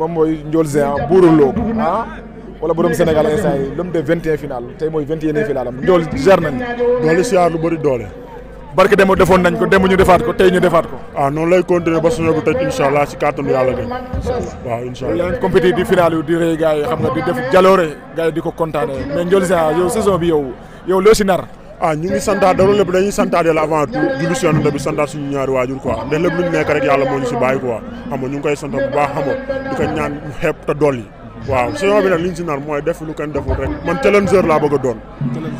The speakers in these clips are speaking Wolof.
moom mooy Ndiol Géant ah, buuru loo ah wala borom Sénégal instant yi lu mu def vingt et tey mooy vingt et un final am Ndiol jar nañu. doole siyaar lu bëri doole. barke demo defoon nañ ko dem ñu defaat ko tey ñu defaat ko. ah noonu lay continuer ba suñu bu tëj incha allah si kàttanu yàlla de. waaw incha allah leen compétit di final yu di rëy gars yi xam nga di def jaloore gars di ko kontaanee mais Ndiol Géant ah, yow saison bi yow yow loo si nar. ah ñu ngi santaat da lépp dañuy santaat yàlla avant tout julli si yonent bi santaat suñu ñaari waajur quoi ndax lépp lu ñu nekk rek yàlla moo ñu si bàyyi ko xam nga ñu ngi koy sant bu baax di ko ñaan xeeb te dolli waaw saison bi nag li ñu si nar mooy def lu kenn deful rek man challenger laa bëgg doon.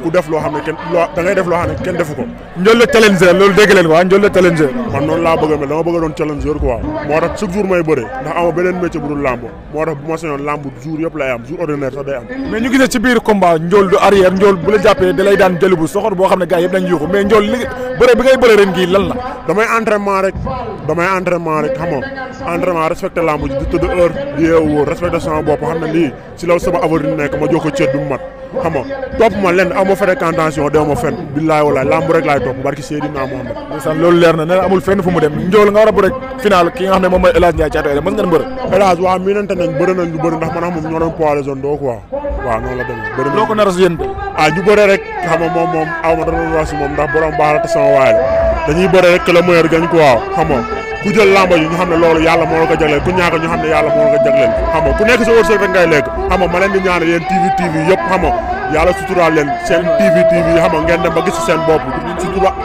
ku def loo xam ne kenn loo da ngay def loo xam ne kenn defu ko. njool la challenger loolu dégg leen njool la challenger. man noonu laa bëgg a mel dama bëgg a doon challenger quoi. moo tax chaque jour may bëre ndax ama beneen métier bu dul làmb moo tax bu ma sañoon làmb jour yëpp lay am jour ordinaire sax day am. mais ñu gisee ci biir combat njool du arrière njool bu la jàppee da daan jëli soxor boo bëre bi ngay bëre ren gii lan la. damay entraînement rek damay entraînement rek xam ji tëdd heure di yeewu respecté sama bopp xam ne lii si sama avenir nekk ma jox cër bi mat xam topp ma lenn aw ma fréquentation dew ma fenn billaay walaay fu mu dem njool nga war a bëre final ki nga xam ne moom mooy El Hadj Ndiaye Thiatou Aida mën ngeen bëre. El Hadj waaw miinante nañ bëre nañ lu bëri ndax man ak moom ñoo doon poids les zones doo quoi waaw noonu la demee. bëri nañ loo a si a ah, ñu bëre rek xam nga moom moom aw ma doon moom ndax borom baax la te dañuy bëre rek que le meilleur gagne quoi xam nga ku ñu xam ne loolu yàlla moo la ko jagleel ku ñaaka ñu xam ne yàlla moo la ko jagleel xam nga ku nekk ngay lekk xam nga di ñaanal yéen TV TV yëpp xam nga suturaal leen seen TV TV xam ngeen dem gis seen bopp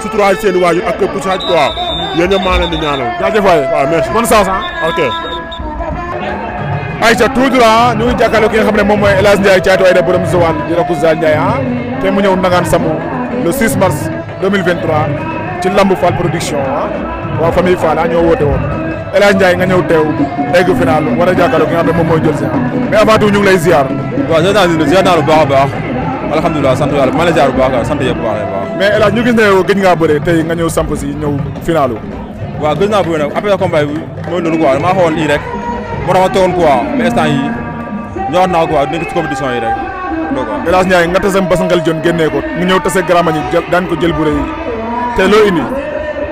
suturaal seen waajur ak képp ku saaj quoi yéen ñëpp maa di ñaanal jaajëf Aïcha toujours ah ñu ngi jàkkaarloo ki xam ne moom mooy El Hadj Ndiaye caatu Aïda borom Zowal di rakku Zal Ndiaye ah te mu ñëw Ndangaan Samu le mars ci lamb Fall production ah. waa famille Fall ah ñoo woote woon El Hadj nga ñëw teew egg final war a jàkkaarloo ki nga mooy jël si mais avant tout ñu lay ziar. waaw ziar naa la ziar naa la bu baax a baax maa ngi lay ziar bu baax a sant yëpp bu a baax. mais El Hadj ñu gis ne yow gëj ngaa bëree tey nga ñëw samp si ñëw rek moo tax ma teewoon quoi mais instant yii ñëwaat naa quoi nekk ci compétition yi rek donc waaw. Elas Ndiaye nga tasam basangal jon génnee ko mu tase Grand daan ko jël bu te loo indi.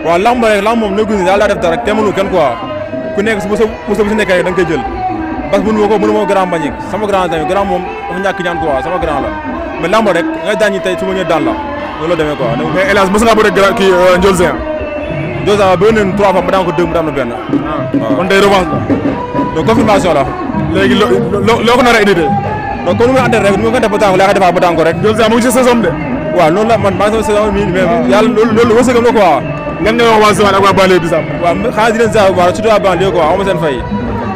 waaw lamb rek lamb moom nekkul ni daal laa def dara teemalu kenn quoi ku nekk su sa bu sa nekkee da nga koy jël parce que mënu ma sama grand tamit moom dafa ñàkk ñaan quoi sama grand la mais lamb rek nga daan ñi tey su ma ñëwee daan la loolu la demee quoi. mais Elas mos ngaa euh, ko deux mu daan na benn. Ah. waaw kon donc confirmation la. léegi loo loo de. donc comme ma la rek ni ma ko def ba tàngoor laa rek. loolu sax mu ngi si de. waaw loolu la man maa ngi sama saison mi ah. loolu loolu wërsëgam la quoi. ngeen ñoo wax waa Sowal ak waa banlieue bi sax. waaw xanaa di leen saa waaw surtout waa banlieue quoi amu fay.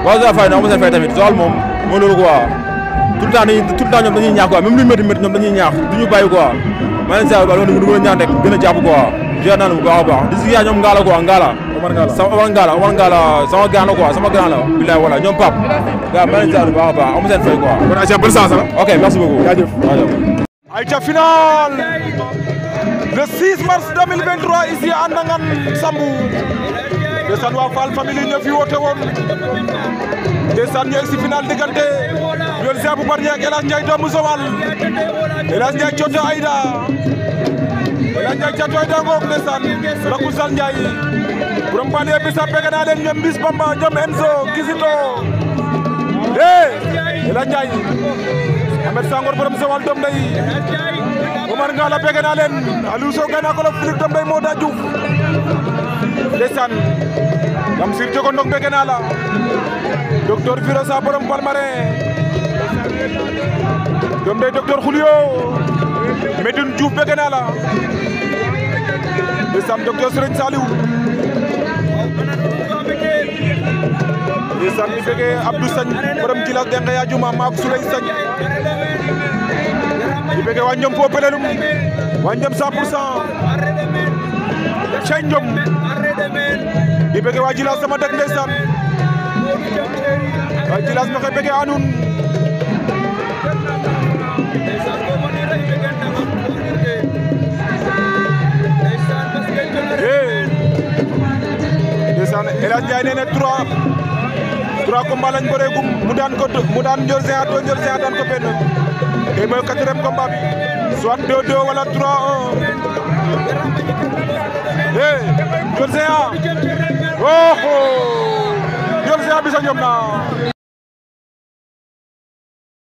waa Sowal fay na amu seen fay tamit Sowal moom mooy loolu quoi. tout le temps dañuy tout ñoom dañuy ñaax quoi même lu métti métti ñoom dañuy ñaax Omar Ngala Omar Ngala sama grand la quoi sama grand la bilaay wala ñoom Pape gars ma leen ziar bu baax a baax amu seen fay quoi kon Aïcha bonne chance la ok merci beaucoup jaajëf jaajëf Aïcha final le 6 mars 2023 ici à Ndangan Sambou ndeysaan waa Fall famille ñoo fi woote woon ndeysaan ñoo si final de Ndiol Zia bu Bargny ak El Hadj Ndiaye doomu Sowal El Hadj Ndiaye Coota Aïda Gandiaye ca tooy da ngoog ndeysaan rakku Sal Ndiaye borom pande bi sa pegg naa leen ñoom bis Bamba ñoom Enzo Kisito eh la Ndiaye Ahmed Sangor borom sewal doom day Omar Ngala pegg naa leen Aliou Sow gana ko la furik doom day moo daa Diouf ndeysaan Dame Sir Jogo Ndong pegg naa la docteur Firosa borom Palmarin doom day docteur Julio Medun Diouf bëgg naa la ndeysaan docteur Serigne Saliou ndeysaan ni bëggee Abdou Sagne borom jilas denga yaaju ma maak Souley Sagne ni bëggee waa ñoom fo pelelum waa ñoom 100 pour cent cey ñoom ni waa jilas sama dëkk ndeysaan waa jilas ma koy bëggee anun Ndiaye nee na trois trois combats lañ bëree gum mu daan ko mu daan Ndiol Géant doo Ndiol Géant daan ko benn tey mooy quatrième combat bi soit deux deux wala trois un eh Ndiol Géant oh oh Ndiol Géant bi sa ñoom